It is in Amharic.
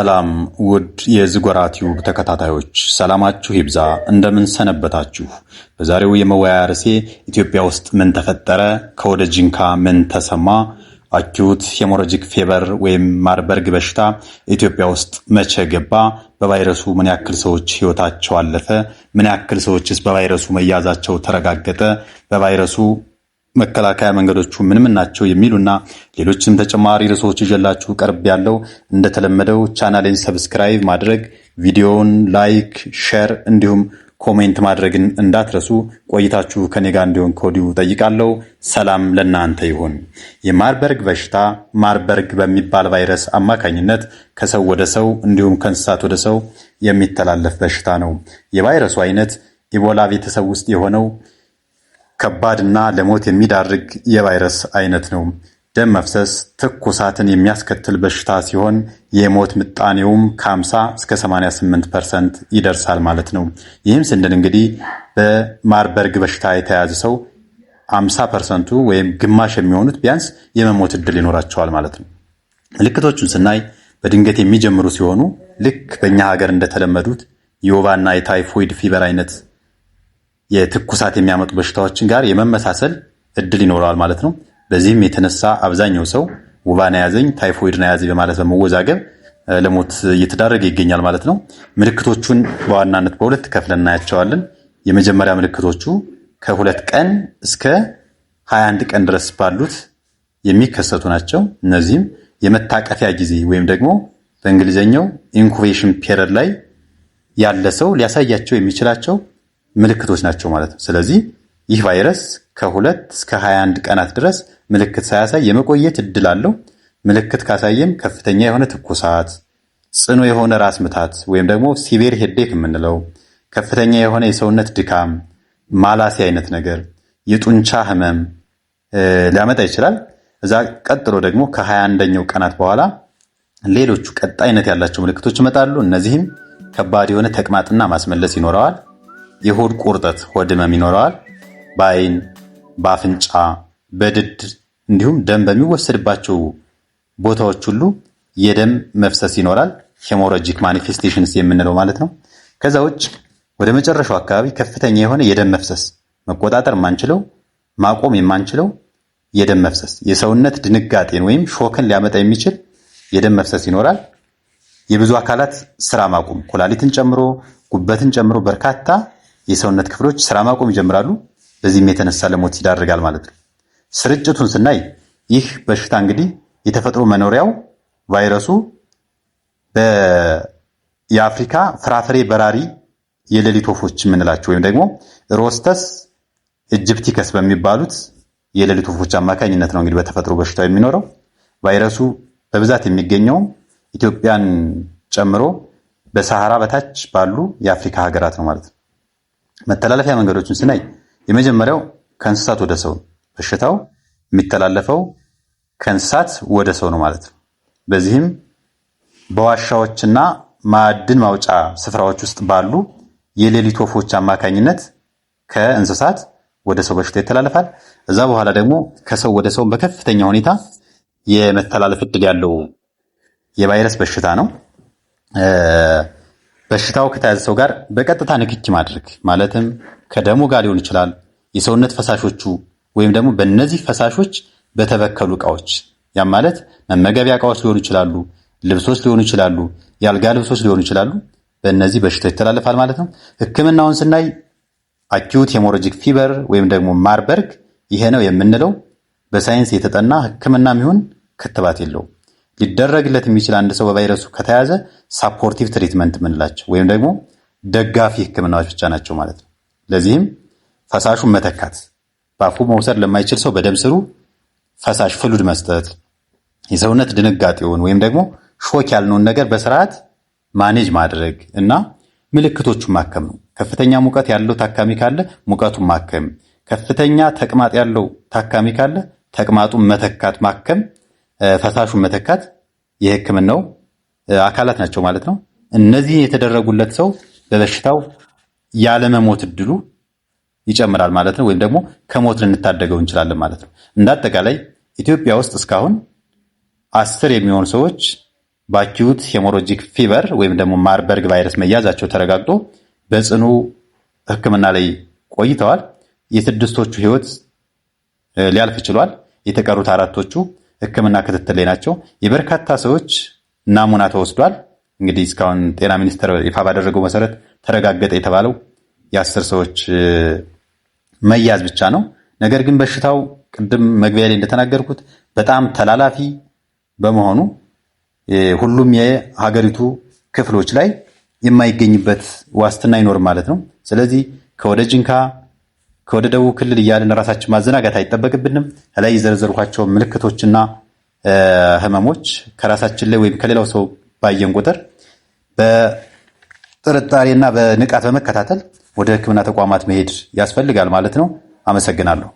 ሰላም ውድ የዝጎራቲው ተከታታዮች ሰላማችሁ ይብዛ፣ እንደምን ሰነበታችሁ? በዛሬው የመወያያ ርዕሴ ኢትዮጵያ ውስጥ ምን ተፈጠረ፣ ከወደ ጅንካ ምን ተሰማ፣ አኪዩት ሄሞራጂክ ፌቨር ወይም ማርበርግ በሽታ ኢትዮጵያ ውስጥ መቼ ገባ፣ በቫይረሱ ምን ያክል ሰዎች ህይወታቸው አለፈ፣ ምን ያክል ሰዎችስ በቫይረሱ መያዛቸው ተረጋገጠ፣ በቫይረሱ መከላከያ መንገዶቹ ምን ምን ናቸው የሚሉና ሌሎችም ተጨማሪ ርዕሶች ይዤላችሁ ቀርብ ያለው እንደተለመደው ቻናሌን ሰብስክራይብ ማድረግ፣ ቪዲዮውን ላይክ፣ ሼር እንዲሁም ኮሜንት ማድረግን እንዳትረሱ። ቆይታችሁ ከኔ ጋር እንዲሆን ከወዲሁ ጠይቃለሁ። ሰላም ለእናንተ ይሁን። የማርበርግ በሽታ ማርበርግ በሚባል ቫይረስ አማካኝነት ከሰው ወደ ሰው እንዲሁም ከእንስሳት ወደ ሰው የሚተላለፍ በሽታ ነው። የቫይረሱ አይነት ኢቦላ ቤተሰብ ውስጥ የሆነው ከባድና ለሞት የሚዳርግ የቫይረስ አይነት ነው። ደም መፍሰስ ትኩሳትን የሚያስከትል በሽታ ሲሆን የሞት ምጣኔውም ከ50 እስከ 88 ፐርሰንት ይደርሳል ማለት ነው። ይህም ስንል እንግዲህ በማርበርግ በሽታ የተያዘ ሰው 50 ፐርሰንቱ ወይም ግማሽ የሚሆኑት ቢያንስ የመሞት እድል ይኖራቸዋል ማለት ነው። ምልክቶቹን ስናይ በድንገት የሚጀምሩ ሲሆኑ ልክ በእኛ ሀገር እንደተለመዱት የወባና የታይፎይድ ፊቨር አይነት የትኩሳት የሚያመጡ በሽታዎችን ጋር የመመሳሰል እድል ይኖረዋል ማለት ነው። በዚህም የተነሳ አብዛኛው ሰው ውባን ያዘኝ፣ ታይፎይድን ያዘኝ በማለት በመወዛገብ ለሞት እየተዳረገ ይገኛል ማለት ነው። ምልክቶቹን በዋናነት በሁለት ከፍለን እናያቸዋለን። የመጀመሪያ ምልክቶቹ ከሁለት ቀን እስከ 21 ቀን ድረስ ባሉት የሚከሰቱ ናቸው። እነዚህም የመታቀፊያ ጊዜ ወይም ደግሞ በእንግሊዝኛው ኢንኩቤሽን ፔረድ ላይ ያለ ሰው ሊያሳያቸው የሚችላቸው ምልክቶች ናቸው ማለት ነው። ስለዚህ ይህ ቫይረስ ከሁለት እስከ 21 ቀናት ድረስ ምልክት ሳያሳይ የመቆየት እድል አለው። ምልክት ካሳየም ከፍተኛ የሆነ ትኩሳት፣ ጽኑ የሆነ ራስ ምታት ወይም ደግሞ ሲቬር ሄዴክ የምንለው ከፍተኛ የሆነ የሰውነት ድካም፣ ማላሴ አይነት ነገር፣ የጡንቻ ህመም ሊያመጣ ይችላል። እዛ ቀጥሎ ደግሞ ከ21ኛው ቀናት በኋላ ሌሎቹ ቀጣይነት ያላቸው ምልክቶች ይመጣሉ። እነዚህም ከባድ የሆነ ተቅማጥና ማስመለስ ይኖረዋል። የሆድ ቁርጠት ሆድ ህመም ይኖረዋል። በአይን በአፍንጫ በድድ እንዲሁም ደም በሚወሰድባቸው ቦታዎች ሁሉ የደም መፍሰስ ይኖራል። ሄሞሮጂክ ማኒፌስቴሽንስ የምንለው ማለት ነው። ከዛ ውጭ ወደ መጨረሻው አካባቢ ከፍተኛ የሆነ የደም መፍሰስ መቆጣጠር የማንችለው ማቆም የማንችለው የደም መፍሰስ የሰውነት ድንጋጤን ወይም ሾክን ሊያመጣ የሚችል የደም መፍሰስ ይኖራል። የብዙ አካላት ስራ ማቆም ኩላሊትን ጨምሮ ጉበትን ጨምሮ በርካታ የሰውነት ክፍሎች ስራ ማቆም ይጀምራሉ። በዚህም የተነሳ ለሞት ይዳርጋል ማለት ነው። ስርጭቱን ስናይ ይህ በሽታ እንግዲህ የተፈጥሮ መኖሪያው ቫይረሱ የአፍሪካ ፍራፍሬ በራሪ የሌሊት ወፎች የምንላቸው ወይም ደግሞ ሮስተስ እጅፕቲከስ በሚባሉት የሌሊት ወፎች አማካኝነት ነው እንግዲህ በተፈጥሮ በሽታው የሚኖረው። ቫይረሱ በብዛት የሚገኘውም ኢትዮጵያን ጨምሮ በሰሃራ በታች ባሉ የአፍሪካ ሀገራት ነው ማለት ነው። መተላለፊያ መንገዶችን ስናይ የመጀመሪያው ከእንስሳት ወደ ሰው በሽታው የሚተላለፈው ከእንስሳት ወደ ሰው ነው ማለት ነው። በዚህም በዋሻዎችና ማዕድን ማውጫ ስፍራዎች ውስጥ ባሉ የሌሊት ወፎች አማካኝነት ከእንስሳት ወደ ሰው በሽታ ይተላለፋል። እዛ በኋላ ደግሞ ከሰው ወደ ሰው በከፍተኛ ሁኔታ የመተላለፍ እድል ያለው የቫይረስ በሽታ ነው። በሽታው ከተያዘ ሰው ጋር በቀጥታ ንክኪ ማድረግ ማለትም ከደሙ ጋር ሊሆን ይችላል፣ የሰውነት ፈሳሾቹ ወይም ደግሞ በእነዚህ ፈሳሾች በተበከሉ እቃዎች ያም ማለት መመገቢያ እቃዎች ሊሆኑ ይችላሉ፣ ልብሶች ሊሆኑ ይችላሉ፣ የአልጋ ልብሶች ሊሆኑ ይችላሉ። በእነዚህ በሽታው ይተላለፋል ማለት ነው። ሕክምናውን ስናይ አኪዩት ሄሞሮጂክ ፊበር ወይም ደግሞ ማርበርግ ይሄ ነው የምንለው በሳይንስ የተጠና ህክምና የሚሆን ክትባት የለውም። ሊደረግለት የሚችል አንድ ሰው በቫይረሱ ከተያዘ ሳፖርቲቭ ትሪትመንት ምንላቸው ወይም ደግሞ ደጋፊ ህክምናዎች ብቻ ናቸው ማለት ነው። ለዚህም ፈሳሹን መተካት፣ በአፉ መውሰድ ለማይችል ሰው በደም ስሩ ፈሳሽ ፍሉድ መስጠት፣ የሰውነት ድንጋጤውን ወይም ደግሞ ሾክ ያልነውን ነገር በስርዓት ማኔጅ ማድረግ እና ምልክቶቹን ማከም ነው። ከፍተኛ ሙቀት ያለው ታካሚ ካለ ሙቀቱን ማከም፣ ከፍተኛ ተቅማጥ ያለው ታካሚ ካለ ተቅማጡን መተካት ማከም ፈሳሹን መተካት የህክምናው አካላት ናቸው ማለት ነው። እነዚህ የተደረጉለት ሰው በበሽታው ያለመሞት እድሉ ይጨምራል ማለት ነው። ወይም ደግሞ ከሞት ልንታደገው እንችላለን ማለት ነው። እንደ አጠቃላይ ኢትዮጵያ ውስጥ እስካሁን አስር የሚሆኑ ሰዎች በአኪዩት ሄሞሮጂክ ፊቨር ወይም ደግሞ ማርበርግ ቫይረስ መያዛቸው ተረጋግጦ በጽኑ ህክምና ላይ ቆይተዋል። የስድስቶቹ ህይወት ሊያልፍ ችሏል። የተቀሩት አራቶቹ ሕክምና ክትትል ላይ ናቸው። የበርካታ ሰዎች ናሙና ተወስዷል። እንግዲህ እስካሁን ጤና ሚኒስቴር ይፋ ባደረገው መሰረት ተረጋገጠ የተባለው የአስር ሰዎች መያዝ ብቻ ነው። ነገር ግን በሽታው ቅድም መግቢያ ላይ እንደተናገርኩት በጣም ተላላፊ በመሆኑ ሁሉም የሀገሪቱ ክፍሎች ላይ የማይገኝበት ዋስትና አይኖርም ማለት ነው። ስለዚህ ከወደ ጅንካ ከወደ ደቡብ ክልል እያለን ራሳችን ማዘናጋት አይጠበቅብንም። ከላይ የዘረዘርኳቸው ምልክቶችና ህመሞች ከራሳችን ላይ ወይም ከሌላው ሰው ባየን ቁጥር በጥርጣሬና በንቃት በመከታተል ወደ ሕክምና ተቋማት መሄድ ያስፈልጋል ማለት ነው። አመሰግናለሁ።